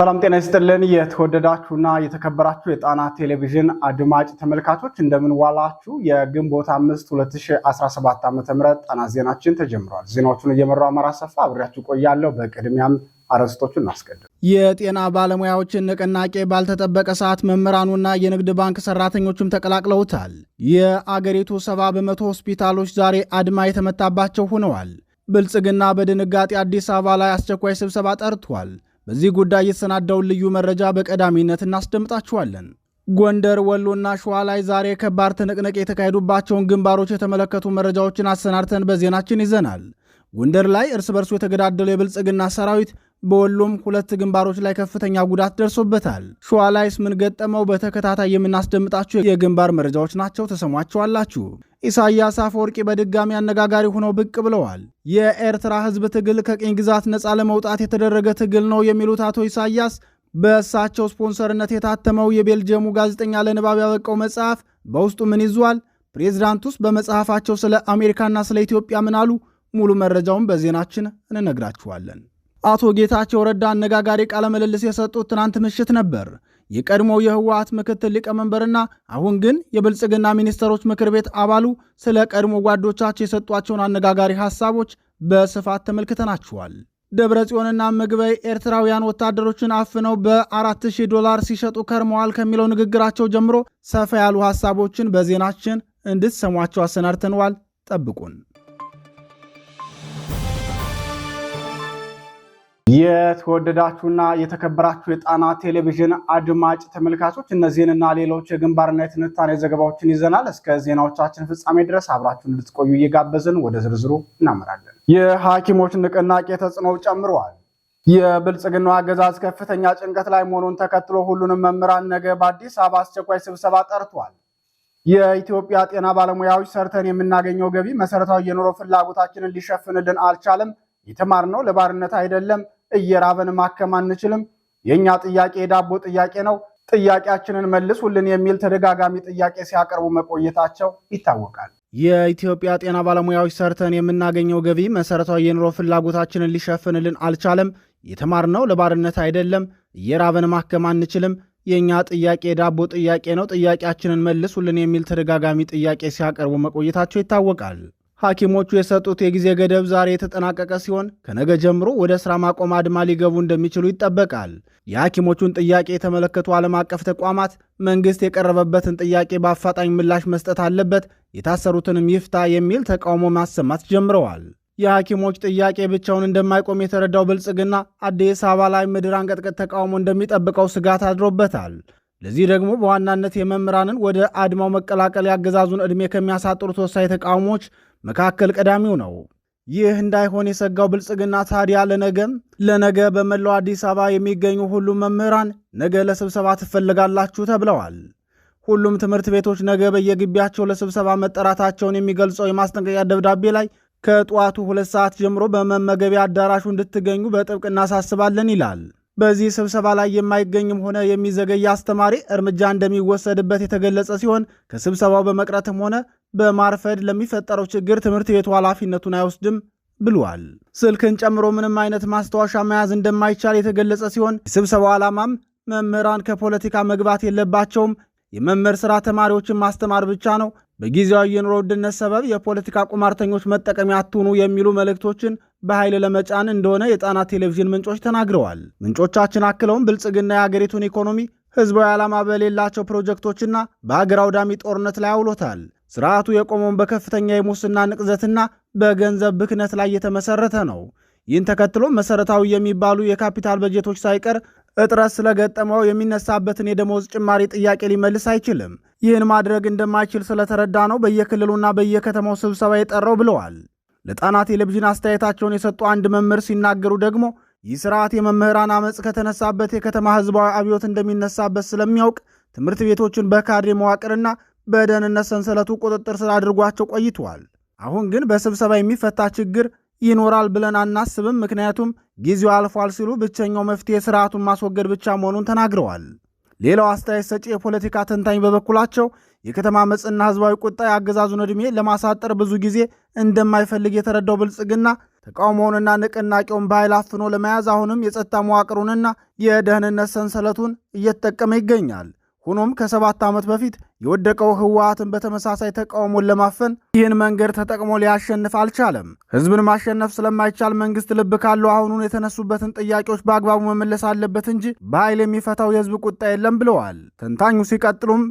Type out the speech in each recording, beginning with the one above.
ሰላም ጤና ይስጥልን። የተወደዳችሁና የተከበራችሁ የጣና ቴሌቪዥን አድማጭ ተመልካቾች እንደምን ዋላችሁ። የግንቦት አምስት 2017 ዓ ም ጣና ዜናችን ተጀምሯል። ዜናዎቹን እየመራው አማራ ሰፋ አብሬያችሁ ቆያለሁ። በቅድሚያም አርዕስቶቹን እናስቀድም። የጤና ባለሙያዎችን ንቅናቄ ባልተጠበቀ ሰዓት መምህራኑና የንግድ ባንክ ሰራተኞችም ተቀላቅለውታል። የአገሪቱ ሰባ በመቶ ሆስፒታሎች ዛሬ አድማ የተመታባቸው ሆነዋል። ብልጽግና በድንጋጤ አዲስ አበባ ላይ አስቸኳይ ስብሰባ ጠርቷል። በዚህ ጉዳይ የተሰናዳውን ልዩ መረጃ በቀዳሚነት እናስደምጣችኋለን። ጎንደር፣ ወሎና ሸዋ ላይ ዛሬ ከባድ ትንቅንቅ የተካሄዱባቸውን ግንባሮች የተመለከቱ መረጃዎችን አሰናድተን በዜናችን ይዘናል። ጎንደር ላይ እርስ በርሱ የተገዳደለው የብልጽግና ሰራዊት በወሎም ሁለት ግንባሮች ላይ ከፍተኛ ጉዳት ደርሶበታል። ሸዋ ላይስ ምን ገጠመው? በተከታታይ የምናስደምጣችሁ የግንባር መረጃዎች ናቸው። ተሰሟቸዋላችሁ። ኢሳያስ አፈወርቂ በድጋሚ አነጋጋሪ ሆነው ብቅ ብለዋል። የኤርትራ ሕዝብ ትግል ከቅኝ ግዛት ነፃ ለመውጣት የተደረገ ትግል ነው የሚሉት አቶ ኢሳያስ በእሳቸው ስፖንሰርነት የታተመው የቤልጅየሙ ጋዜጠኛ ለንባብ ያበቃው መጽሐፍ በውስጡ ምን ይዟል? ፕሬዚዳንቱስ በመጽሐፋቸው ስለ አሜሪካና ስለ ኢትዮጵያ ምን አሉ? ሙሉ መረጃውን በዜናችን እንነግራችኋለን። አቶ ጌታቸው ረዳ አነጋጋሪ ቃለ ምልልስ የሰጡት ትናንት ምሽት ነበር። የቀድሞው የህወሀት ምክትል ሊቀመንበርና አሁን ግን የብልጽግና ሚኒስትሮች ምክር ቤት አባሉ ስለ ቀድሞ ጓዶቻቸው የሰጧቸውን አነጋጋሪ ሐሳቦች በስፋት ተመልክተናችኋል። ደብረ ጽዮንና ምግበይ ኤርትራውያን ወታደሮችን አፍነው በ4000 ዶላር ሲሸጡ ከርመዋል ከሚለው ንግግራቸው ጀምሮ ሰፋ ያሉ ሐሳቦችን በዜናችን እንድትሰሟቸው አሰናድተነዋል። ጠብቁን። የተወደዳችሁና የተከበራችሁ የጣና ቴሌቪዥን አድማጭ ተመልካቾች እነዚህንና ሌሎች የግንባርና የትንታኔ ዘገባዎችን ይዘናል። እስከ ዜናዎቻችን ፍጻሜ ድረስ አብራችሁን ልትቆዩ እየጋበዝን ወደ ዝርዝሩ እናመራለን። የሐኪሞች ንቅናቄ ተጽዕኖው ጨምረዋል። የብልጽግናው አገዛዝ ከፍተኛ ጭንቀት ላይ መሆኑን ተከትሎ ሁሉንም መምህራን ነገ በአዲስ አበባ አስቸኳይ ስብሰባ ጠርቷል። የኢትዮጵያ ጤና ባለሙያዎች ሰርተን የምናገኘው ገቢ መሰረታዊ የኑሮ ፍላጎታችንን ሊሸፍንልን አልቻለም። የተማርነው ለባርነት አይደለም እየራበን ማከም አንችልም። የእኛ ጥያቄ የዳቦ ጥያቄ ነው፣ ጥያቄያችንን መልሱልን የሚል ተደጋጋሚ ጥያቄ ሲያቀርቡ መቆየታቸው ይታወቃል። የኢትዮጵያ ጤና ባለሙያዎች ሰርተን የምናገኘው ገቢ መሰረታዊ የኑሮ ፍላጎታችንን ሊሸፍንልን አልቻለም። የተማርነው ለባርነት አይደለም። እየራበን ማከም አንችልም። የእኛ ጥያቄ የዳቦ ጥያቄ ነው፣ ጥያቄያችንን መልሱልን የሚል ተደጋጋሚ ጥያቄ ሲያቀርቡ መቆየታቸው ይታወቃል። ሐኪሞቹ የሰጡት የጊዜ ገደብ ዛሬ የተጠናቀቀ ሲሆን ከነገ ጀምሮ ወደ ሥራ ማቆም አድማ ሊገቡ እንደሚችሉ ይጠበቃል። የሐኪሞቹን ጥያቄ የተመለከቱ ዓለም አቀፍ ተቋማት መንግሥት የቀረበበትን ጥያቄ በአፋጣኝ ምላሽ መስጠት አለበት፣ የታሰሩትንም ይፍታ የሚል ተቃውሞ ማሰማት ጀምረዋል። የሐኪሞች ጥያቄ ብቻውን እንደማይቆም የተረዳው ብልጽግና አዲስ አበባ ላይ ምድር አንቀጥቅጥ ተቃውሞ እንደሚጠብቀው ስጋት አድሮበታል። ለዚህ ደግሞ በዋናነት የመምህራንን ወደ አድማው መቀላቀል ያገዛዙን ዕድሜ ከሚያሳጥሩት ወሳኝ ተቃውሞች መካከል ቀዳሚው ነው። ይህ እንዳይሆን የሰጋው ብልጽግና ታዲያ ለነገ ለነገ በመላው አዲስ አበባ የሚገኙ ሁሉም መምህራን ነገ ለስብሰባ ትፈልጋላችሁ ተብለዋል። ሁሉም ትምህርት ቤቶች ነገ በየግቢያቸው ለስብሰባ መጠራታቸውን የሚገልጸው የማስጠንቀቂያ ደብዳቤ ላይ ከጠዋቱ ሁለት ሰዓት ጀምሮ በመመገቢያ አዳራሹ እንድትገኙ በጥብቅ እናሳስባለን ይላል። በዚህ ስብሰባ ላይ የማይገኝም ሆነ የሚዘገይ አስተማሪ እርምጃ እንደሚወሰድበት የተገለጸ ሲሆን ከስብሰባው በመቅረትም ሆነ በማርፈድ ለሚፈጠረው ችግር ትምህርት ቤቱ ኃላፊነቱን አይወስድም ብሏል። ስልክን ጨምሮ ምንም አይነት ማስታወሻ መያዝ እንደማይቻል የተገለጸ ሲሆን የስብሰባው ዓላማም መምህራን ከፖለቲካ መግባት የለባቸውም፣ የመምህር ስራ ተማሪዎችን ማስተማር ብቻ ነው፣ በጊዜያዊ የኑሮ ውድነት ሰበብ የፖለቲካ ቁማርተኞች መጠቀሚያ አትሁኑ የሚሉ መልእክቶችን በኃይል ለመጫን እንደሆነ የጣና ቴሌቪዥን ምንጮች ተናግረዋል። ምንጮቻችን አክለውም ብልጽግና የአገሪቱን ኢኮኖሚ ህዝባዊ ዓላማ በሌላቸው ፕሮጀክቶችና በአገር አውዳሚ ጦርነት ላይ አውሎታል። ስርዓቱ የቆመውን በከፍተኛ የሙስና ንቅዘትና በገንዘብ ብክነት ላይ የተመሰረተ ነው። ይህን ተከትሎ መሰረታዊ የሚባሉ የካፒታል በጀቶች ሳይቀር እጥረት ስለገጠመው የሚነሳበትን የደሞዝ ጭማሪ ጥያቄ ሊመልስ አይችልም። ይህን ማድረግ እንደማይችል ስለተረዳ ነው በየክልሉና በየከተማው ስብሰባ የጠራው ብለዋል። ለጣና ቴሌቪዥን አስተያየታቸውን የሰጡ አንድ መምህር ሲናገሩ ደግሞ ይህ ስርዓት የመምህራን አመፅ ከተነሳበት የከተማ ህዝባዊ አብዮት እንደሚነሳበት ስለሚያውቅ ትምህርት ቤቶችን በካድሬ መዋቅርና በደህንነት ሰንሰለቱ ቁጥጥር ስር አድርጓቸው ቆይተዋል። አሁን ግን በስብሰባ የሚፈታ ችግር ይኖራል ብለን አናስብም፣ ምክንያቱም ጊዜው አልፏል ሲሉ ብቸኛው መፍትሄ ስርዓቱን ማስወገድ ብቻ መሆኑን ተናግረዋል። ሌላው አስተያየት ሰጪ የፖለቲካ ተንታኝ በበኩላቸው የከተማ መጽና ህዝባዊ ቁጣ የአገዛዙን ዕድሜ ለማሳጠር ብዙ ጊዜ እንደማይፈልግ የተረዳው ብልጽግና ተቃውሞውንና ንቅናቄውን በኃይል አፍኖ ለመያዝ አሁንም የጸጥታ መዋቅሩንና የደህንነት ሰንሰለቱን እየተጠቀመ ይገኛል። ሆኖም ከሰባት ዓመት በፊት የወደቀው ህወሓትን በተመሳሳይ ተቃውሞን ለማፈን ይህን መንገድ ተጠቅሞ ሊያሸንፍ አልቻለም። ህዝብን ማሸነፍ ስለማይቻል መንግስት ልብ ካለው አሁኑን የተነሱበትን ጥያቄዎች በአግባቡ መመለስ አለበት እንጂ በኃይል የሚፈታው የህዝብ ቁጣ የለም ብለዋል ተንታኙ። ሲቀጥሉም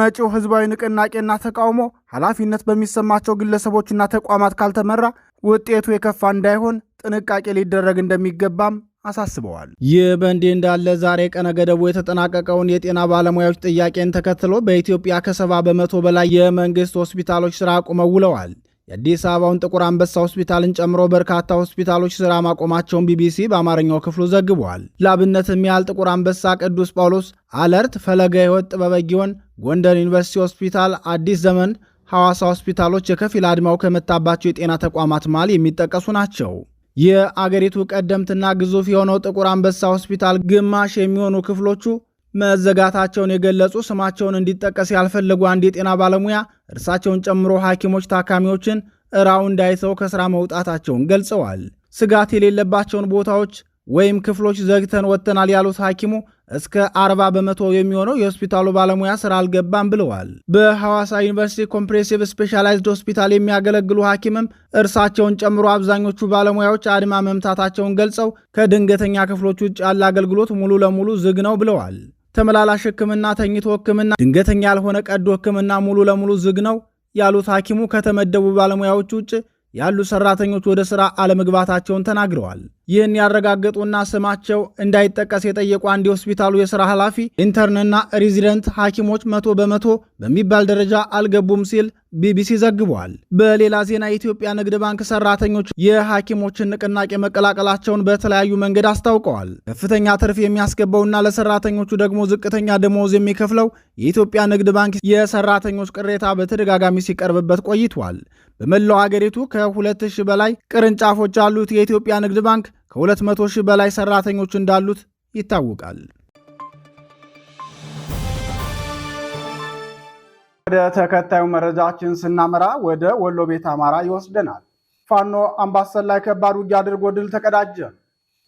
መጪው ህዝባዊ ንቅናቄና ተቃውሞ ኃላፊነት በሚሰማቸው ግለሰቦችና ተቋማት ካልተመራ ውጤቱ የከፋ እንዳይሆን ጥንቃቄ ሊደረግ እንደሚገባም አሳስበዋል። ይህ በእንዲህ እንዳለ ዛሬ ቀነ ገደቡ የተጠናቀቀውን የጤና ባለሙያዎች ጥያቄን ተከትሎ በኢትዮጵያ ከሰባ በመቶ በላይ የመንግስት ሆስፒታሎች ስራ አቁመው ውለዋል። የአዲስ አበባውን ጥቁር አንበሳ ሆስፒታልን ጨምሮ በርካታ ሆስፒታሎች ስራ ማቆማቸውን ቢቢሲ በአማርኛው ክፍሉ ዘግቧል። ለአብነትም ያህል ጥቁር አንበሳ፣ ቅዱስ ጳውሎስ፣ አለርት፣ ፈለገ ህይወት ጥበበ ጊዮን፣ ጎንደር ዩኒቨርሲቲ ሆስፒታል፣ አዲስ ዘመን፣ ሐዋሳ ሆስፒታሎች የከፊል አድማው ከመታባቸው የጤና ተቋማት መሃል የሚጠቀሱ ናቸው። የአገሪቱ ቀደምትና ግዙፍ የሆነው ጥቁር አንበሳ ሆስፒታል ግማሽ የሚሆኑ ክፍሎቹ መዘጋታቸውን የገለጹ ስማቸውን እንዲጠቀስ ያልፈለጉ አንድ የጤና ባለሙያ እርሳቸውን ጨምሮ ሐኪሞች ታካሚዎችን እራው እንዳይተው ከስራ መውጣታቸውን ገልጸዋል። ስጋት የሌለባቸውን ቦታዎች ወይም ክፍሎች ዘግተን ወጥተናል ያሉት ሐኪሙ እስከ 40 በመቶ የሚሆነው የሆስፒታሉ ባለሙያ ስራ አልገባም ብለዋል። በሐዋሳ ዩኒቨርሲቲ ኮምፕሬሲቭ ስፔሻላይዝድ ሆስፒታል የሚያገለግሉ ሐኪምም እርሳቸውን ጨምሮ አብዛኞቹ ባለሙያዎች አድማ መምታታቸውን ገልጸው ከድንገተኛ ክፍሎች ውጭ ያለ አገልግሎት ሙሉ ለሙሉ ዝግ ነው ብለዋል። ተመላላሽ ህክምና ተኝቶ ህክምና፣ ድንገተኛ ያልሆነ ቀዶ ህክምና ሙሉ ለሙሉ ዝግ ነው ያሉት ሐኪሙ ከተመደቡ ባለሙያዎች ውጭ ያሉ ሰራተኞች ወደ ስራ አለመግባታቸውን ተናግረዋል። ይህን ያረጋገጡና ስማቸው እንዳይጠቀስ የጠየቁ አንድ የሆስፒታሉ የሥራ ኃላፊ ኢንተርንና ሬዚደንት ሐኪሞች መቶ በመቶ በሚባል ደረጃ አልገቡም ሲል ቢቢሲ ዘግቧል። በሌላ ዜና የኢትዮጵያ ንግድ ባንክ ሰራተኞች የሐኪሞችን ንቅናቄ መቀላቀላቸውን በተለያዩ መንገድ አስታውቀዋል። ከፍተኛ ትርፍ የሚያስገባውና ለሰራተኞቹ ደግሞ ዝቅተኛ ደመወዝ የሚከፍለው የኢትዮጵያ ንግድ ባንክ የሰራተኞች ቅሬታ በተደጋጋሚ ሲቀርብበት ቆይቷል። በመላው አገሪቱ ከ2000 በላይ ቅርንጫፎች ያሉት የኢትዮጵያ ንግድ ባንክ ከ200 ሺህ በላይ ሰራተኞች እንዳሉት ይታወቃል። ወደ ተከታዩ መረጃችን ስናመራ ወደ ወሎ ቤት አማራ ይወስደናል። ፋኖ አምባሰል ላይ ከባድ ውጊያ አድርጎ ድል ተቀዳጀ።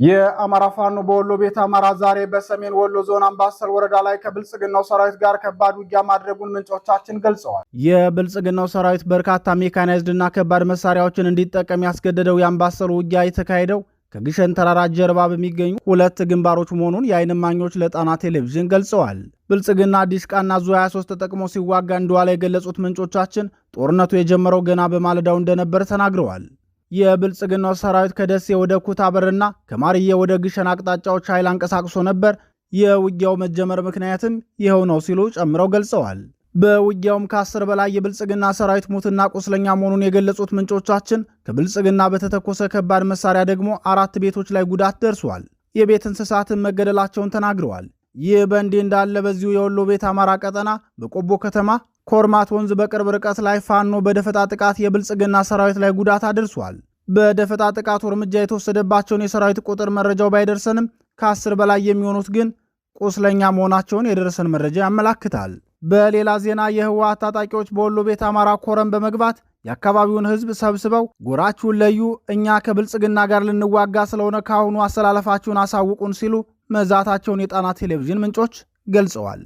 የአማራ ፋኖ በወሎ ቤት አማራ ዛሬ በሰሜን ወሎ ዞን አምባሰል ወረዳ ላይ ከብልጽግናው ሰራዊት ጋር ከባድ ውጊያ ማድረጉን ምንጮቻችን ገልጸዋል። የብልጽግናው ሰራዊት በርካታ ሜካናይዝድ እና ከባድ መሳሪያዎችን እንዲጠቀም ያስገደደው የአምባሰል ውጊያ የተካሄደው ከግሸን ተራራ ጀርባ በሚገኙ ሁለት ግንባሮች መሆኑን የአይን እማኞች ለጣና ቴሌቪዥን ገልጸዋል። ብልጽግና ዲሽቃና ዙ 23 ተጠቅሞ ሲዋጋ እንደዋለ የገለጹት ምንጮቻችን ጦርነቱ የጀመረው ገና በማለዳው እንደነበር ተናግረዋል። የብልጽግናው ሰራዊት ከደሴ ወደ ኩታበርና ከማርዬ ወደ ግሸን አቅጣጫዎች ኃይል አንቀሳቅሶ ነበር። የውጊያው መጀመር ምክንያትም ይኸው ነው ሲሉ ጨምረው ገልጸዋል። በውጊያውም ከአስር በላይ የብልጽግና ሰራዊት ሞትና ቁስለኛ መሆኑን የገለጹት ምንጮቻችን ከብልጽግና በተተኮሰ ከባድ መሳሪያ ደግሞ አራት ቤቶች ላይ ጉዳት ደርሷል፣ የቤት እንስሳትን መገደላቸውን ተናግረዋል። ይህ በእንዲህ እንዳለ በዚሁ የወሎ ቤት አማራ ቀጠና በቆቦ ከተማ ኮርማት ወንዝ በቅርብ ርቀት ላይ ፋኖ በደፈጣ ጥቃት የብልጽግና ሰራዊት ላይ ጉዳት አድርሷል። በደፈጣ ጥቃቱ እርምጃ የተወሰደባቸውን የሰራዊት ቁጥር መረጃው ባይደርሰንም ከአስር በላይ የሚሆኑት ግን ቁስለኛ መሆናቸውን የደረሰን መረጃ ያመላክታል። በሌላ ዜና የህወሓት ታጣቂዎች በወሎ ቤት አማራ ኮረም በመግባት የአካባቢውን ህዝብ ሰብስበው ጎራችሁን ለዩ፣ እኛ ከብልጽግና ጋር ልንዋጋ ስለሆነ ከአሁኑ አሰላለፋችሁን አሳውቁን ሲሉ መዛታቸውን የጣና ቴሌቪዥን ምንጮች ገልጸዋል።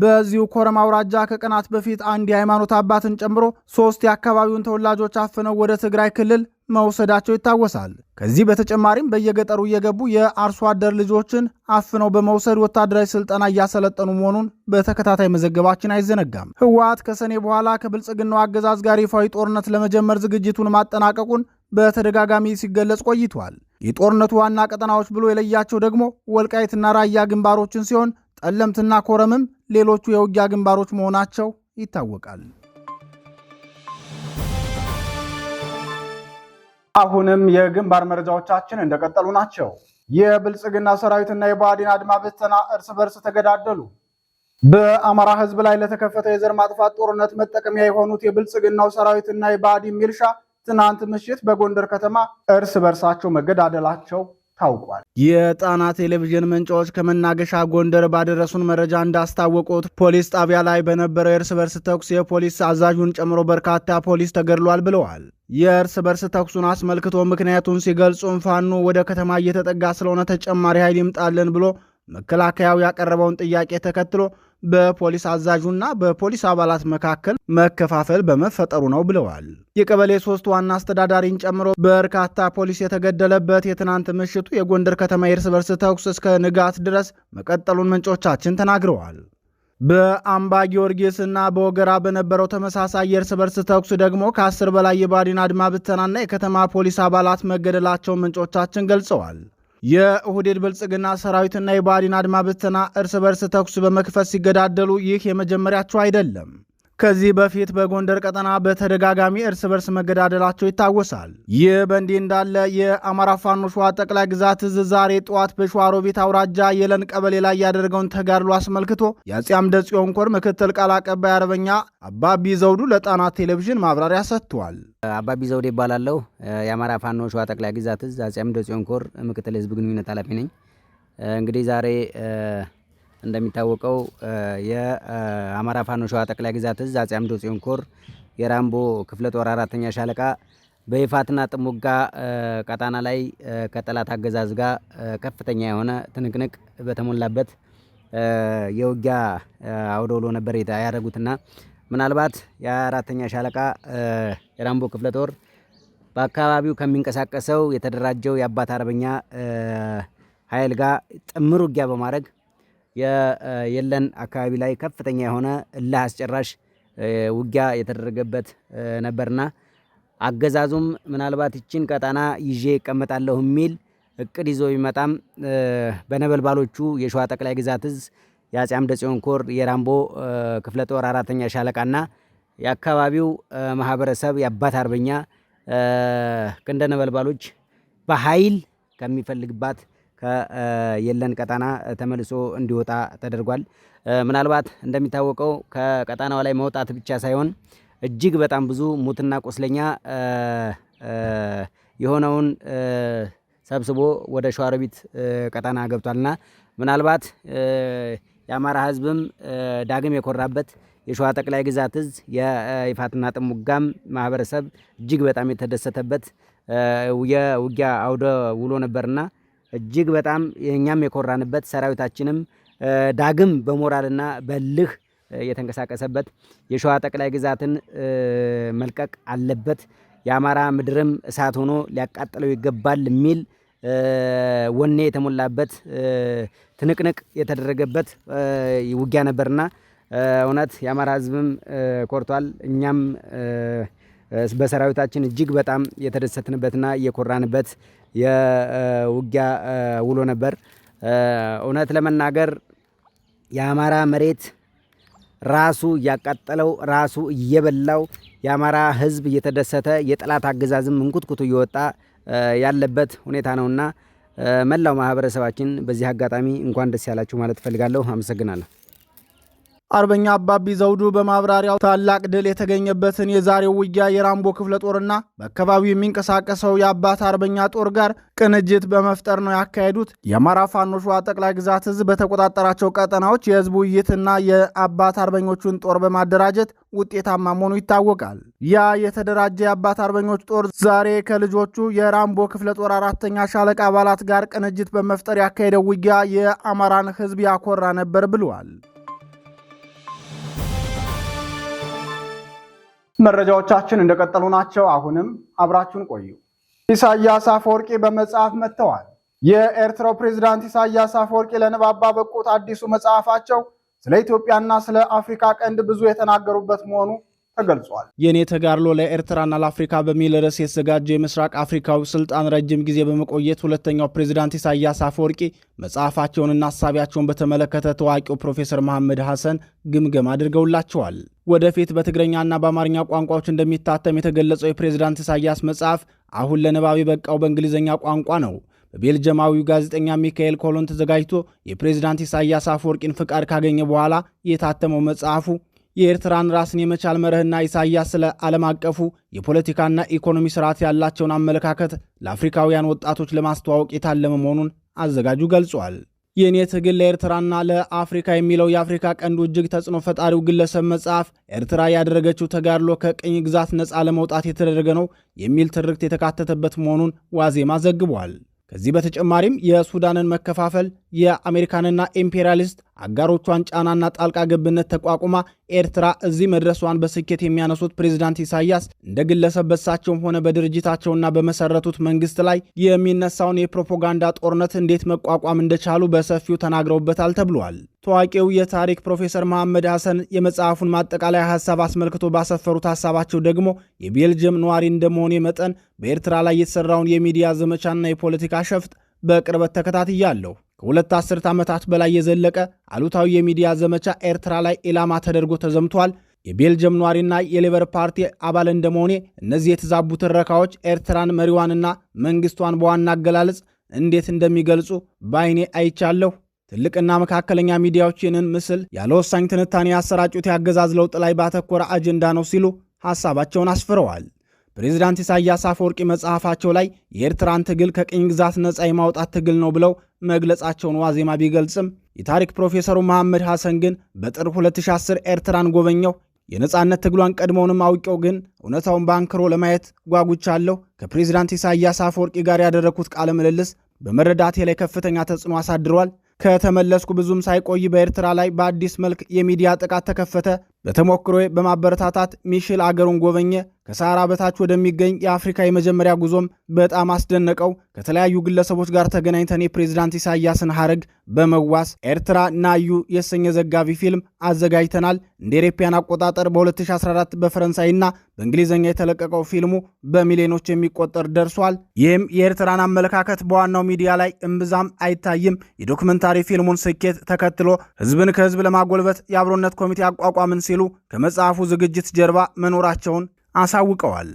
በዚሁ ኮረም አውራጃ ከቀናት በፊት አንድ የሃይማኖት አባትን ጨምሮ ሶስት የአካባቢውን ተወላጆች አፍነው ወደ ትግራይ ክልል መውሰዳቸው ይታወሳል። ከዚህ በተጨማሪም በየገጠሩ እየገቡ የአርሶ አደር ልጆችን አፍነው በመውሰድ ወታደራዊ ስልጠና እያሰለጠኑ መሆኑን በተከታታይ መዘገባችን አይዘነጋም። ህወሓት ከሰኔ በኋላ ከብልጽግናው አገዛዝ ጋር ይፋዊ ጦርነት ለመጀመር ዝግጅቱን ማጠናቀቁን በተደጋጋሚ ሲገለጽ ቆይቷል። የጦርነቱ ዋና ቀጠናዎች ብሎ የለያቸው ደግሞ ወልቃይትና ራያ ግንባሮችን ሲሆን ጠለምትና ኮረምም ሌሎቹ የውጊያ ግንባሮች መሆናቸው ይታወቃል። አሁንም የግንባር መረጃዎቻችን እንደቀጠሉ ናቸው። የብልጽግና ሰራዊትና የባዲን አድማ ብተና እርስ በርስ ተገዳደሉ። በአማራ ሕዝብ ላይ ለተከፈተው የዘር ማጥፋት ጦርነት መጠቀሚያ የሆኑት የብልጽግናው ሰራዊትና የባዲን ሚልሻ ትናንት ምሽት በጎንደር ከተማ እርስ በርሳቸው መገዳደላቸው ታውቋል። የጣና ቴሌቪዥን ምንጮች ከመናገሻ ጎንደር ባደረሱን መረጃ እንዳስታወቁት ፖሊስ ጣቢያ ላይ በነበረው የእርስ በርስ ተኩስ የፖሊስ አዛዡን ጨምሮ በርካታ ፖሊስ ተገድሏል ብለዋል። የእርስ በርስ ተኩሱን አስመልክቶ ምክንያቱን ሲገልጹም ፋኖ ወደ ከተማ እየተጠጋ ስለሆነ ተጨማሪ ኃይል ይምጣለን ብሎ መከላከያው ያቀረበውን ጥያቄ ተከትሎ በፖሊስ አዛዡና በፖሊስ አባላት መካከል መከፋፈል በመፈጠሩ ነው ብለዋል። የቀበሌ ሶስት ዋና አስተዳዳሪን ጨምሮ በርካታ ፖሊስ የተገደለበት የትናንት ምሽቱ የጎንደር ከተማ የእርስ በርስ ተኩስ እስከ ንጋት ድረስ መቀጠሉን ምንጮቻችን ተናግረዋል። በአምባ ጊዮርጊስ እና በወገራ በነበረው ተመሳሳይ የእርስ በርስ ተኩስ ደግሞ ከአስር በላይ የባዲን አድማ ብተናና የከተማ ፖሊስ አባላት መገደላቸውን ምንጮቻችን ገልጸዋል። የኦህዴድ ብልጽግና ሰራዊትና የባዲን አድማ ብተና እርስ በርስ ተኩስ በመክፈት ሲገዳደሉ ይህ የመጀመሪያቸው አይደለም። ከዚህ በፊት በጎንደር ቀጠና በተደጋጋሚ እርስ በርስ መገዳደላቸው ይታወሳል። ይህ በእንዲህ እንዳለ የአማራ ፋኖ ሸዋ ጠቅላይ ግዛት እዝ ዛሬ ጠዋት በሸዋሮቢት አውራጃ የለን ቀበሌ ላይ ያደረገውን ተጋድሎ አስመልክቶ የአጼ አምደ ጽዮን ኮር ምክትል ቃል አቀባይ አርበኛ አባቢ ዘውዱ ለጣና ቴሌቪዥን ማብራሪያ ሰጥቷል። አባቢ ዘውዱ ይባላለሁ። የአማራ ፋኖ ሸዋ ጠቅላይ ግዛት እዝ አጼ አምደ ጽዮን ኮር ምክትል ህዝብ ግንኙነት ኃላፊ ነኝ። እንግዲህ ዛሬ እንደሚታወቀው የአማራ ፋኖ ሸዋ ጠቅላይ ግዛት እዝ አፄ አምደ ጽዮን ኮር የራምቦ ክፍለ ጦር አራተኛ ሻለቃ በይፋትና ጥሙጋ ቀጣና ላይ ከጠላት አገዛዝ ጋር ከፍተኛ የሆነ ትንቅንቅ በተሞላበት የውጊያ አውደ ውሎ ነበር ያደረጉትና ምናልባት የአራተኛ ሻለቃ የራምቦ ክፍለ ጦር በአካባቢው ከሚንቀሳቀሰው የተደራጀው የአባት አርበኛ ኃይል ጋር ጥምር ውጊያ በማድረግ የለን አካባቢ ላይ ከፍተኛ የሆነ እልህ አስጨራሽ ውጊያ የተደረገበት ነበርና አገዛዙም ምናልባት ይችን ቀጠና ይዤ እቀመጣለሁ የሚል እቅድ ይዞ ቢመጣም በነበልባሎቹ የሸዋ ጠቅላይ ግዛት እዝ የአፄ አምደ ጽዮን ኮር የራምቦ ክፍለ ጦር አራተኛ ሻለቃና የአካባቢው ማህበረሰብ የአባት አርበኛ ክንደ ነበልባሎች በኃይል ከሚፈልግባት ከየለን ቀጣና ተመልሶ እንዲወጣ ተደርጓል። ምናልባት እንደሚታወቀው ከቀጣናው ላይ መውጣት ብቻ ሳይሆን እጅግ በጣም ብዙ ሙትና ቁስለኛ የሆነውን ሰብስቦ ወደ ሸዋሮቢት ቀጠና ገብቷልና ምናልባት የአማራ ሕዝብም ዳግም የኮራበት የሸዋ ጠቅላይ ግዛት እዝ የይፋትና ጥሙጋም ማህበረሰብ እጅግ በጣም የተደሰተበት የውጊያ አውደ ውሎ ነበርና እጅግ በጣም የእኛም የኮራንበት ሰራዊታችንም ዳግም በሞራልና በልህ የተንቀሳቀሰበት የሸዋ ጠቅላይ ግዛትን መልቀቅ አለበት፣ የአማራ ምድርም እሳት ሆኖ ሊያቃጥለው ይገባል የሚል ወኔ የተሞላበት ትንቅንቅ የተደረገበት ውጊያ ነበርና እውነት የአማራ ሕዝብም ኮርቷል። እኛም በሰራዊታችን እጅግ በጣም የተደሰትንበትና እየኮራንበት የውጊያ ውሎ ነበር። እውነት ለመናገር የአማራ መሬት ራሱ እያቃጠለው ራሱ እየበላው የአማራ ሕዝብ እየተደሰተ የጠላት አገዛዝም እንኩትኩቱ እየወጣ ያለበት ሁኔታ ነውና መላው ማህበረሰባችን በዚህ አጋጣሚ እንኳን ደስ ያላችሁ ማለት እፈልጋለሁ። አመሰግናለሁ። አርበኛ አባቢ ዘውዱ በማብራሪያው ታላቅ ድል የተገኘበትን የዛሬው ውጊያ የራምቦ ክፍለ ጦርና በአካባቢው የሚንቀሳቀሰው የአባት አርበኛ ጦር ጋር ቅንጅት በመፍጠር ነው ያካሄዱት። የአማራ ፋኖ ሸዋ ጠቅላይ ግዛት ህዝብ በተቆጣጠራቸው ቀጠናዎች የህዝቡ ውይይትና የአባት አርበኞቹን ጦር በማደራጀት ውጤታማ መሆኑ ይታወቃል። ያ የተደራጀ የአባት አርበኞች ጦር ዛሬ ከልጆቹ የራምቦ ክፍለ ጦር አራተኛ ሻለቃ አባላት ጋር ቅንጅት በመፍጠር ያካሄደው ውጊያ የአማራን ህዝብ ያኮራ ነበር ብለዋል። መረጃዎቻችን እንደቀጠሉ ናቸው። አሁንም አብራችሁን ቆዩ። ኢሳያስ አፈወርቂ በመጽሐፍ መጥተዋል። የኤርትራው ፕሬዝዳንት ኢሳያስ አፈወርቂ ለንባብ በቁት አዲሱ መጽሐፋቸው ስለ ኢትዮጵያና ስለ አፍሪካ ቀንድ ብዙ የተናገሩበት መሆኑ ተገልጿል። የኔ ተጋድሎ ለኤርትራና ለአፍሪካ በሚል ርዕስ የተዘጋጀው የምስራቅ አፍሪካዊ ስልጣን ረጅም ጊዜ በመቆየት ሁለተኛው ፕሬዚዳንት ኢሳያስ አፈወርቂ መጽሐፋቸውንና ሀሳቢያቸውን በተመለከተ ታዋቂው ፕሮፌሰር መሐመድ ሐሰን ግምገማ አድርገውላቸዋል። ወደፊት በትግረኛና በአማርኛ ቋንቋዎች እንደሚታተም የተገለጸው የፕሬዚዳንት ኢሳያስ መጽሐፍ አሁን ለንባብ የበቃው በእንግሊዝኛ ቋንቋ ነው። በቤልጀማዊው ጋዜጠኛ ሚካኤል ኮሎን ተዘጋጅቶ የፕሬዚዳንት ኢሳያስ አፈወርቂን ፍቃድ ካገኘ በኋላ የታተመው መጽሐፉ የኤርትራን ራስን የመቻል መርህና ኢሳያስ ስለ ዓለም አቀፉ የፖለቲካና ኢኮኖሚ ስርዓት ያላቸውን አመለካከት ለአፍሪካውያን ወጣቶች ለማስተዋወቅ የታለመ መሆኑን አዘጋጁ ገልጿል። የእኔ ትግል ለኤርትራና ለአፍሪካ የሚለው የአፍሪካ ቀንዱ እጅግ ተጽዕኖ ፈጣሪው ግለሰብ መጽሐፍ ኤርትራ ያደረገችው ተጋድሎ ከቅኝ ግዛት ነፃ ለመውጣት የተደረገ ነው የሚል ትርክት የተካተተበት መሆኑን ዋዜማ ዘግቧል። ከዚህ በተጨማሪም የሱዳንን መከፋፈል የአሜሪካንና ኢምፔሪያሊስት አጋሮቿን ጫናና ጣልቃ ገብነት ተቋቁማ ኤርትራ እዚህ መድረሷን በስኬት የሚያነሱት ፕሬዚዳንት ኢሳያስ እንደ ግለሰብ በሳቸውም ሆነ በድርጅታቸውና በመሰረቱት መንግስት ላይ የሚነሳውን የፕሮፓጋንዳ ጦርነት እንዴት መቋቋም እንደቻሉ በሰፊው ተናግረውበታል ተብሏል። ታዋቂው የታሪክ ፕሮፌሰር መሐመድ ሐሰን የመጽሐፉን ማጠቃለያ ሐሳብ አስመልክቶ ባሰፈሩት ሐሳባቸው ደግሞ የቤልጅየም ነዋሪ እንደመሆኔ መጠን በኤርትራ ላይ የተሠራውን የሚዲያ ዘመቻና የፖለቲካ ሸፍጥ በቅርበት ተከታትያለሁ። ከሁለት አስርት ዓመታት በላይ የዘለቀ አሉታዊ የሚዲያ ዘመቻ ኤርትራ ላይ ኢላማ ተደርጎ ተዘምቷል። የቤልጅየም ነዋሪና የሌበር ፓርቲ አባል እንደመሆኔ እነዚህ የተዛቡ ትረካዎች ኤርትራን መሪዋንና መንግሥቷን በዋና አገላለጽ እንዴት እንደሚገልጹ በአይኔ አይቻለሁ። ትልቅና መካከለኛ ሚዲያዎች ይህንን ምስል ያለ ወሳኝ ትንታኔ ያሰራጩት የአገዛዝ ለውጥ ላይ ባተኮረ አጀንዳ ነው ሲሉ ሐሳባቸውን አስፍረዋል። ፕሬዚዳንት ኢሳያስ አፈወርቂ መጽሐፋቸው ላይ የኤርትራን ትግል ከቅኝ ግዛት ነፃ የማውጣት ትግል ነው ብለው መግለጻቸውን ዋዜማ ቢገልጽም የታሪክ ፕሮፌሰሩ መሐመድ ሐሰን ግን በጥር 2010 ኤርትራን ጎበኘው የነፃነት ትግሏን ቀድሞውንም አውቄው ግን እውነታውን በአንክሮ ለማየት ጓጉቻለሁ። ከፕሬዚዳንት ኢሳያስ አፈወርቂ ጋር ያደረግኩት ቃለ ምልልስ በመረዳቴ ላይ ከፍተኛ ተጽዕኖ አሳድሯል። ከተመለስኩ ብዙም ሳይቆይ በኤርትራ ላይ በአዲስ መልክ የሚዲያ ጥቃት ተከፈተ። በተሞክሮ በማበረታታት ሚሽል አገሩን ጎበኘ። ከሳራ በታች ወደሚገኝ የአፍሪካ የመጀመሪያ ጉዞም በጣም አስደነቀው። ከተለያዩ ግለሰቦች ጋር ተገናኝተን የፕሬዝዳንት ኢሳያስን ሀረግ በመዋስ ኤርትራ ናዩ የሰኘ ዘጋቢ ፊልም አዘጋጅተናል። እንደ ኤሮፓያን አቆጣጠር በ2014 በፈረንሳይና በእንግሊዝኛ የተለቀቀው ፊልሙ በሚሊዮኖች የሚቆጠር ደርሷል። ይህም የኤርትራን አመለካከት በዋናው ሚዲያ ላይ እምብዛም አይታይም። የዶክመንታሪ ፊልሙን ስኬት ተከትሎ ህዝብን ከህዝብ ለማጎልበት የአብሮነት ኮሚቴ አቋቋምን ሲሉ ከመጽሐፉ ዝግጅት ጀርባ መኖራቸውን አሳውቀዋል።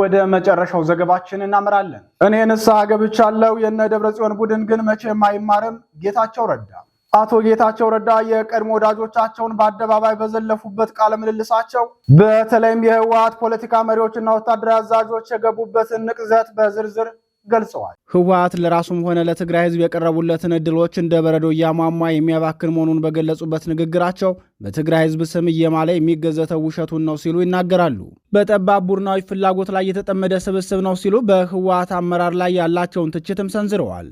ወደ መጨረሻው ዘገባችን እናምራለን። እኔ ንስሐ ገብቻለሁ፣ የነ ደብረጽዮን ቡድን ግን መቼም አይማርም። ጌታቸው ረዳ አቶ ጌታቸው ረዳ የቀድሞ ወዳጆቻቸውን በአደባባይ በዘለፉበት ቃለ ምልልሳቸው በተለይም የህወሀት ፖለቲካ መሪዎችና ወታደራዊ አዛዦች የገቡበትን ንቅዘት በዝርዝር ገልጸዋል። ህወሀት ለራሱም ሆነ ለትግራይ ህዝብ የቀረቡለትን እድሎች እንደ በረዶ እያሟሟ የሚያባክን መሆኑን በገለጹበት ንግግራቸው በትግራይ ህዝብ ስም እየማለ የሚገዘተው ውሸቱን ነው ሲሉ ይናገራሉ። በጠባብ ቡድናዊ ፍላጎት ላይ የተጠመደ ስብስብ ነው ሲሉ በህወሀት አመራር ላይ ያላቸውን ትችትም ሰንዝረዋል።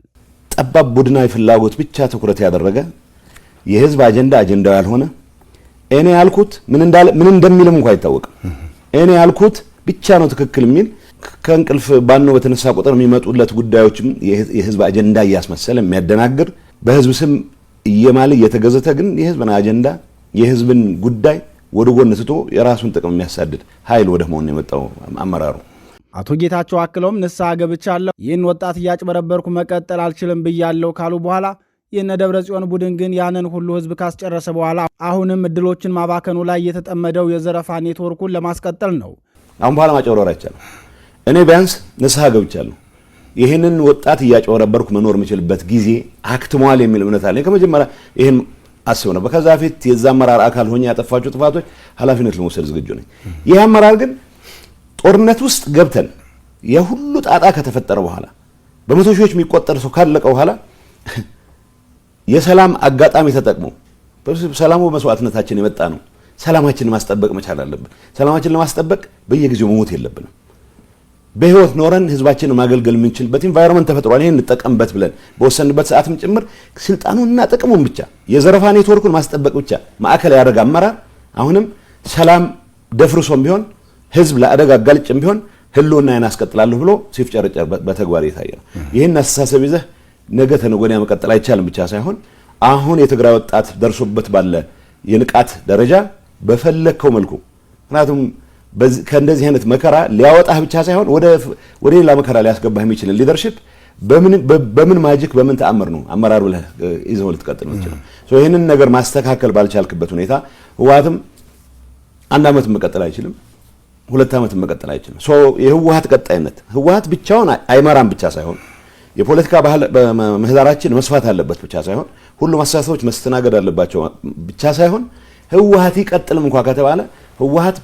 ጠባብ ቡድናዊ ፍላጎት ብቻ ትኩረት ያደረገ የህዝብ አጀንዳ አጀንዳው ያልሆነ እኔ ያልኩት ምን እንደሚልም እንኳ አይታወቅም እኔ ያልኩት ብቻ ነው ትክክል የሚል ከእንቅልፍ ባኖ በተነሳ ቁጥር የሚመጡለት ጉዳዮችም የህዝብ አጀንዳ እያስመሰለ የሚያደናግር በህዝብ ስም እየማለ እየተገዘተ ግን የህዝብን አጀንዳ የህዝብን ጉዳይ ወደ ጎን ትቶ የራሱን ጥቅም የሚያሳድድ ኃይል ወደ መሆን የመጣው አመራሩ። አቶ ጌታቸው አክለውም ንስሐ ገብቻለሁ፣ ይህን ወጣት እያጭበረበርኩ መቀጠል አልችልም ብያለሁ ካሉ በኋላ ይህን ደብረ ጽዮን ቡድን ግን ያንን ሁሉ ህዝብ ካስጨረሰ በኋላ አሁንም እድሎችን ማባከኑ ላይ የተጠመደው የዘረፋ ኔትወርኩን ለማስቀጠል ነው። አሁን በኋላ ማጭበርበር አይቻልም። እኔ ቢያንስ ንስሐ ገብቻለሁ። ይህንን ወጣት እያጭበረበርኩ መኖር የምችልበት ጊዜ አክትሟል የሚል እምነት አለ። ከመጀመሪያ ይህን አስብ ነበር። ከዛ ፊት የዛ አመራር አካል ሆኜ ያጠፋቸው ጥፋቶች ኃላፊነት ለመውሰድ ዝግጁ ነኝ። ይህ አመራር ግን ጦርነት ውስጥ ገብተን የሁሉ ጣጣ ከተፈጠረ በኋላ በመቶ ሺዎች የሚቆጠር ሰው ካለቀ በኋላ የሰላም አጋጣሚ ተጠቅሞ ሰላሙ መስዋዕትነታችን የመጣ ነው። ሰላማችን ማስጠበቅ መቻል አለብን። ሰላማችን ለማስጠበቅ በየጊዜው መሞት የለብንም። በህይወት ኖረን ህዝባችንን ማገልገል የምንችልበት ኢንቫይሮንመንት ተፈጥሯል። ይሄን እንጠቀምበት ብለን በወሰንበት ሰዓትም ጭምር ስልጣኑንና ጥቅሙን ብቻ የዘረፋ ኔትወርኩን ማስጠበቅ ብቻ ማዕከል ያደረገ አመራር አሁንም ሰላም ደፍርሶም ቢሆን ህዝብ ለአደጋ አጋልጭም ቢሆን ይን አስቀጥላለሁ ብሎ ሲፍጨረጨር በተግባር እየታየ ነው። ይህን አስተሳሰብ ይዘህ ነገ ተነገ ወዲያ መቀጠል አይቻልም ብቻ ሳይሆን አሁን የትግራይ ወጣት ደርሶበት ባለ የንቃት ደረጃ በፈለግከው መልኩ ምክንያቱም ከእንደዚህ አይነት መከራ ሊያወጣህ ብቻ ሳይሆን ወደ ሌላ መከራ ሊያስገባህ የሚችልን ሊደርሽፕ በምን ማጅክ በምን ተአምር ነው አመራር ብለህ ይዘው ልትቀጥል ነው። ይህንን ነገር ማስተካከል ባልቻልክበት ሁኔታ ህወሓትም አንድ ዓመት መቀጠል አይችልም፣ ሁለት ዓመት መቀጠል አይችልም። የህወሀት ቀጣይነት ህወሀት ብቻውን አይመራም ብቻ ሳይሆን የፖለቲካ ባህል ምህዳራችን መስፋት አለበት ብቻ ሳይሆን ሁሉም አስተሳሰቦች መስተናገድ አለባቸው ብቻ ሳይሆን ህወሀት ይቀጥልም እንኳ ከተባለ ህወሀት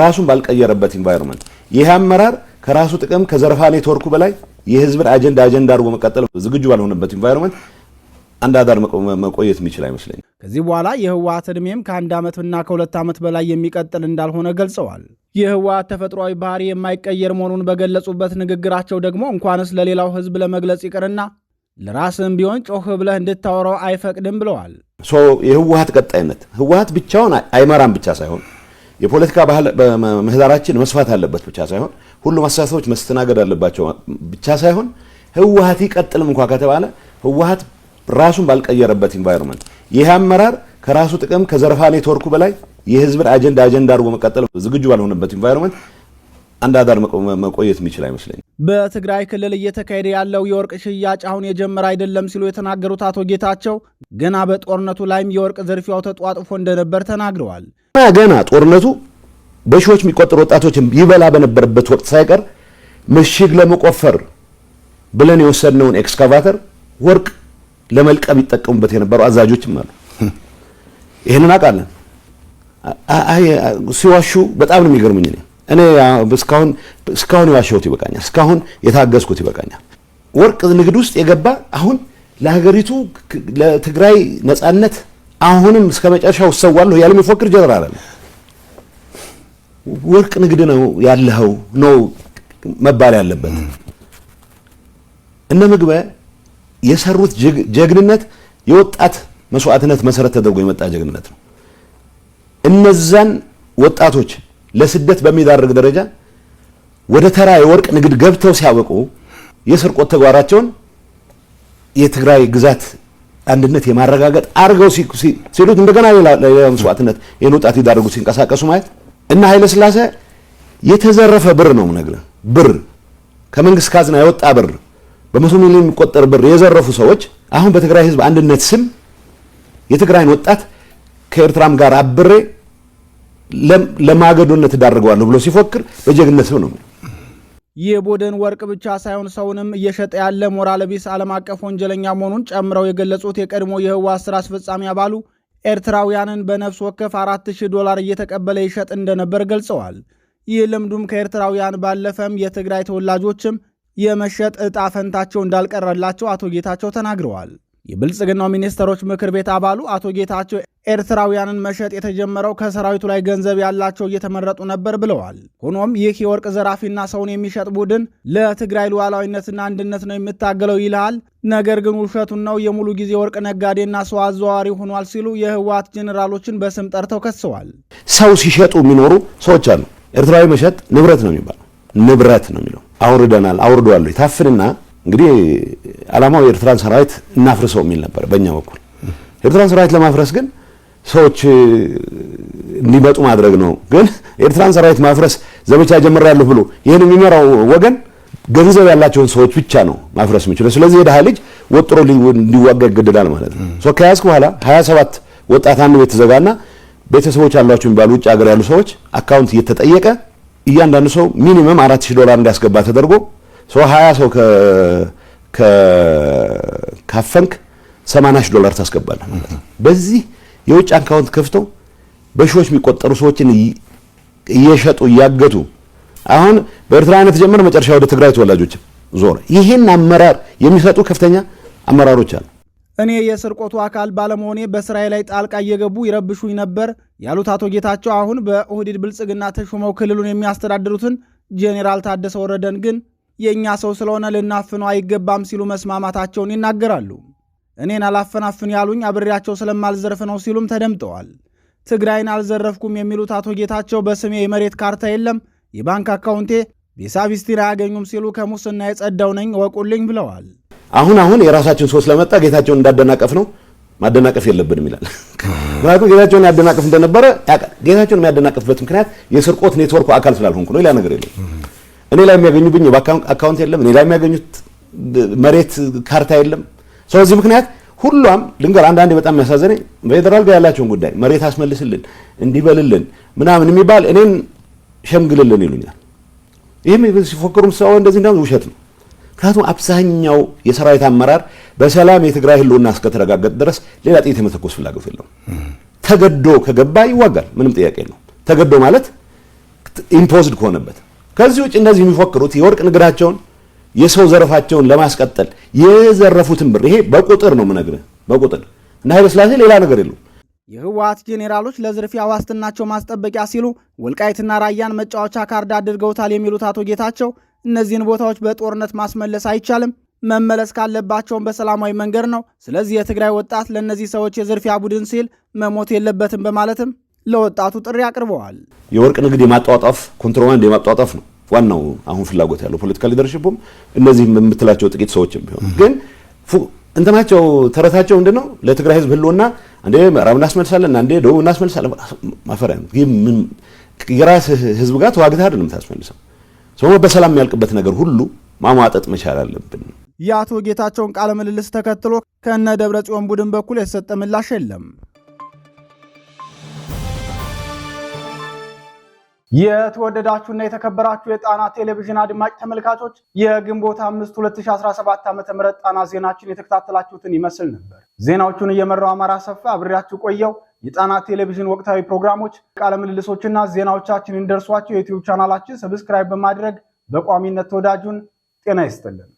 ራሱን ባልቀየረበት ኢንቫይሮንመንት ይህ አመራር ከራሱ ጥቅም ከዘርፋ ኔትወርኩ በላይ የህዝብን አጀንዳ አጀንዳ አድርጎ መቀጠል ዝግጁ ባልሆነበት ኢንቫይሮንመንት አንድ አዳር መቆየት የሚችል አይመስለኝም። ከዚህ በኋላ የህወሀት እድሜም ከአንድ ዓመትና ከሁለት ዓመት በላይ የሚቀጥል እንዳልሆነ ገልጸዋል። የህወሀት ተፈጥሯዊ ባህሪ የማይቀየር መሆኑን በገለጹበት ንግግራቸው ደግሞ እንኳንስ ለሌላው ህዝብ ለመግለጽ ይቅርና ለራስም ቢሆን ጮህ ብለህ እንድታወራው አይፈቅድም ብለዋል። የህወሀት ቀጣይነት ህወሀት ብቻውን አይመራም ብቻ ሳይሆን የፖለቲካ ባህል ምህዳራችን መስፋት አለበት ብቻ ሳይሆን ሁሉም አስተሳሰቦች መስተናገድ አለባቸው ብቻ ሳይሆን ህወሀት ይቀጥልም እንኳ ከተባለ ህወሀት ራሱን ባልቀየረበት ኢንቫይሮንመንት ይህ አመራር ከራሱ ጥቅም ከዘረፋ ኔትወርኩ በላይ የህዝብን አጀንዳ አጀንዳ አድርጎ መቀጠል ዝግጁ ባልሆነበት ኢንቫይሮንመንት አንድ አዳር መቆየት የሚችል አይመስለኝ። በትግራይ ክልል እየተካሄደ ያለው የወርቅ ሽያጭ አሁን የጀመረ አይደለም ሲሉ የተናገሩት አቶ ጌታቸው ገና በጦርነቱ ላይም የወርቅ ዝርፊያው ተጧጥፎ እንደነበር ተናግረዋል። ገና ጦርነቱ በሺዎች የሚቆጠሩ ወጣቶችን ይበላ በነበረበት ወቅት ሳይቀር ምሽግ ለመቆፈር ብለን የወሰድነውን ኤክስካቫተር ወርቅ ለመልቀም ይጠቀሙበት የነበሩ አዛዦችም አሉ። ይህንን አውቃለን። ሲዋሹ በጣም ነው የሚገርሙኝ። እኔ እስካሁን እስካሁን የዋሸሁት ይበቃኛል። እስካሁን የታገዝኩት ይበቃኛል። ወርቅ ንግድ ውስጥ የገባ አሁን ለሀገሪቱ ለትግራይ ነጻነት አሁንም እስከ መጨረሻው እሰዋለሁ ያለ የሚፎክር ጀነራል አለ። ወርቅ ንግድ ነው ያለኸው ነው መባል ያለበት። እነ ምግበ የሰሩት ጀግንነት የወጣት መስዋዕትነት መሰረት ተደርጎ የመጣ ጀግንነት ነው። እነዛን ወጣቶች ለስደት በሚዳርግ ደረጃ ወደ ተራ የወርቅ ንግድ ገብተው ሲያበቁ የስርቆት ተግባራቸውን የትግራይ ግዛት አንድነት የማረጋገጥ አድርገው ሲሉት እንደገና ሌላ መስዋዕትነት ይህን ወጣት ሲንቀሳቀሱ ማየት እና ኃይለ ስላሴ የተዘረፈ ብር ነው የምነግርህ። ብር ከመንግስት ካዝና የወጣ ብር በመቶ ሚሊዮን የሚቆጠር ብር የዘረፉ ሰዎች አሁን በትግራይ ህዝብ አንድነት ስም የትግራይን ወጣት ከኤርትራም ጋር አብሬ ለማገዶነት እዳርገዋለሁ ብሎ ሲፎክር በጀግነት ሰው ነው። ቡድን ወርቅ ብቻ ሳይሆን ሰውንም እየሸጠ ያለ ሞራል ቢስ ዓለም አቀፍ ወንጀለኛ መሆኑን ጨምረው የገለጹት የቀድሞ የህወሓት ስራ አስፈጻሚ አባሉ ኤርትራውያንን በነፍስ ወከፍ 4000 ዶላር እየተቀበለ ይሸጥ እንደነበር ገልጸዋል። ይህ ልምዱም ከኤርትራውያን ባለፈም የትግራይ ተወላጆችም የመሸጥ ዕጣ ፈንታቸው እንዳልቀረላቸው አቶ ጌታቸው ተናግረዋል። የብልጽግናው ሚኒስትሮች ምክር ቤት አባሉ አቶ ጌታቸው ኤርትራውያንን መሸጥ የተጀመረው ከሰራዊቱ ላይ ገንዘብ ያላቸው እየተመረጡ ነበር ብለዋል። ሆኖም ይህ የወርቅ ዘራፊና ሰውን የሚሸጥ ቡድን ለትግራይ ሉዓላዊነትና አንድነት ነው የምታገለው ይልሃል፣ ነገር ግን ውሸቱን ነው፣ የሙሉ ጊዜ ወርቅ ነጋዴና ሰው አዘዋዋሪ ሆኗል ሲሉ የህወሓት ጄኔራሎችን በስም ጠርተው ከሰዋል። ሰው ሲሸጡ የሚኖሩ ሰዎች አሉ። ኤርትራዊ መሸጥ ንብረት ነው የሚባለው፣ ንብረት ነው የሚለው አውርደናል፣ አውርደዋለሁ ታፍንና እንግዲህ አላማው የኤርትራን ሰራዊት እናፍርሰው የሚል ነበር በእኛ በኩል። ኤርትራን ሰራዊት ለማፍረስ ግን ሰዎች እንዲመጡ ማድረግ ነው። ግን ኤርትራን ሰራዊት ማፍረስ ዘመቻ ጀምሬያለሁ ብሎ ይህን የሚመራው ወገን ገንዘብ ያላቸውን ሰዎች ብቻ ነው ማፍረስ የሚችለው። ስለዚህ የድሃ ልጅ ወጥሮ እንዲዋጋ ይገደዳል ማለት ነው። ከያዝክ በኋላ 27 ወጣት አንድ ቤት ተዘጋና ቤተሰቦች አሏቸው የሚባሉ ውጭ ሀገር ያሉ ሰዎች አካውንት እየተጠየቀ እያንዳንዱ ሰው ሚኒመም 4000 ዶላር እንዲያስገባ ተደርጎ ሀያ ሰው ካፈንክ 80 ሺህ ዶላር ታስገባለህ ማለት በዚህ የውጭ አካውንት ከፍተው በሺዎች የሚቆጠሩ ሰዎችን እየሸጡ እያገቱ አሁን በኤርትራውያን የተጀመረ መጨረሻ ወደ ትግራይ ተወላጆች ዞር። ይህን አመራር የሚሰጡ ከፍተኛ አመራሮች አሉ። እኔ የስርቆቱ አካል ባለመሆኔ በስራዬ ላይ ጣልቃ እየገቡ ይረብሹኝ ነበር ያሉት አቶ ጌታቸው አሁን በኦህዴድ ብልጽግና ተሾመው ክልሉን የሚያስተዳድሩትን ጄኔራል ታደሰ ወረደን ግን የእኛ ሰው ስለሆነ ልናፍነው አይገባም ሲሉ መስማማታቸውን ይናገራሉ። እኔን አላፈናፍን ያሉኝ አብሬያቸው ስለማልዘርፍ ነው ሲሉም ተደምጠዋል። ትግራይን አልዘረፍኩም የሚሉት አቶ ጌታቸው በስሜ የመሬት ካርታ የለም፣ የባንክ አካውንቴ ቪሳ ቪስቲን አያገኙም ሲሉ ከሙስና የጸዳው ነኝ ወቁልኝ ብለዋል። አሁን አሁን የራሳችን ሰው ስለመጣ ጌታቸውን እንዳደናቀፍ ነው ማደናቀፍ የለብንም ይላል። ምክንያቱም ጌታቸውን ያደናቀፍ እንደነበረ ጌታቸውን የሚያደናቀፍበት ምክንያት የስርቆት ኔትወርኩ አካል ስላልሆንኩ ነው። ሌላ ነገር የለም። እኔ ላይ የሚያገኙብኝ አካውንት የለም። እኔ ላይ የሚያገኙት መሬት ካርታ የለም። ስለዚህ ምክንያት ሁሏም ልንገር፣ አንዳንዴ በጣም የሚያሳዝነኝ በፌዴራል ጋር ያላቸውን ጉዳይ መሬት አስመልስልን፣ እንዲበልልን ምናምን የሚባል እኔን ሸምግልልን ይሉኛል። ይህም ሲፎክሩም ሰው እንደዚህ እንዳውም ውሸት ነው። ምክንያቱም አብዛኛው የሰራዊት አመራር በሰላም የትግራይ ህልውና እስከተረጋገጥ ድረስ ሌላ ጥይት የመተኮስ ፍላጎት የለውም። ተገዶ ከገባ ይዋጋል፣ ምንም ጥያቄ የለውም። ተገዶ ማለት ኢምፖዝድ ከሆነበት ከዚህ ውጭ እነዚህ የሚፎክሩት የወርቅ ንግዳቸውን የሰው ዘረፋቸውን ለማስቀጠል የዘረፉትን ብር ይሄ በቁጥር ነው የምነግርህ፣ በቁጥር እና ኃይለሥላሴ ሌላ ነገር የለው። የህወሀት ጄኔራሎች ለዝርፊያ ዋስትናቸው ማስጠበቂያ ሲሉ ወልቃይትና ራያን መጫወቻ ካርድ አድርገውታል የሚሉት አቶ ጌታቸው እነዚህን ቦታዎች በጦርነት ማስመለስ አይቻልም፣ መመለስ ካለባቸውን በሰላማዊ መንገድ ነው። ስለዚህ የትግራይ ወጣት ለእነዚህ ሰዎች የዝርፊያ ቡድን ሲል መሞት የለበትም በማለትም ለወጣቱ ጥሪ አቅርበዋል። የወርቅ ንግድ የማጧጧፍ ኮንትሮባንድ የማጧጧፍ ነው ዋናው አሁን ፍላጎት ያለው ፖለቲካ ሊደርሽፕም እነዚህ የምትላቸው ጥቂት ሰዎችም ቢሆን ግን እንትናቸው ተረታቸው ምንድን ነው? ለትግራይ ህዝብ ህልውና አንዴ ምዕራብ እናስመልሳለን፣ አንዴ ደቡብ እናስመልሳለን። ማፈሪያ ነው። የራስህ ህዝብ ጋር ተዋግተህ አይደለም ታስመልሰው። ሰው በሰላም የሚያልቅበት ነገር ሁሉ ማሟጠጥ መቻል አለብን። የአቶ ጌታቸውን ቃለ ምልልስ ተከትሎ ከነ ደብረ ጽዮን ቡድን በኩል የተሰጠ ምላሽ የለም። የተወደዳችሁና የተከበራችሁ የጣና ቴሌቪዥን አድማጭ ተመልካቾች የግንቦት አምስት 2017 ዓ.ም ጣና ዜናችን የተከታተላችሁትን ይመስል ነበር። ዜናዎቹን እየመራው አማራ ሰፋ አብሬያችሁ ቆየው። የጣና ቴሌቪዥን ወቅታዊ ፕሮግራሞች፣ ቃለምልልሶችና ዜናዎቻችን እንደርሷቸው የዩትዩብ ቻናላችን ሰብስክራይብ በማድረግ በቋሚነት ተወዳጁን ጤና ይስጥልን።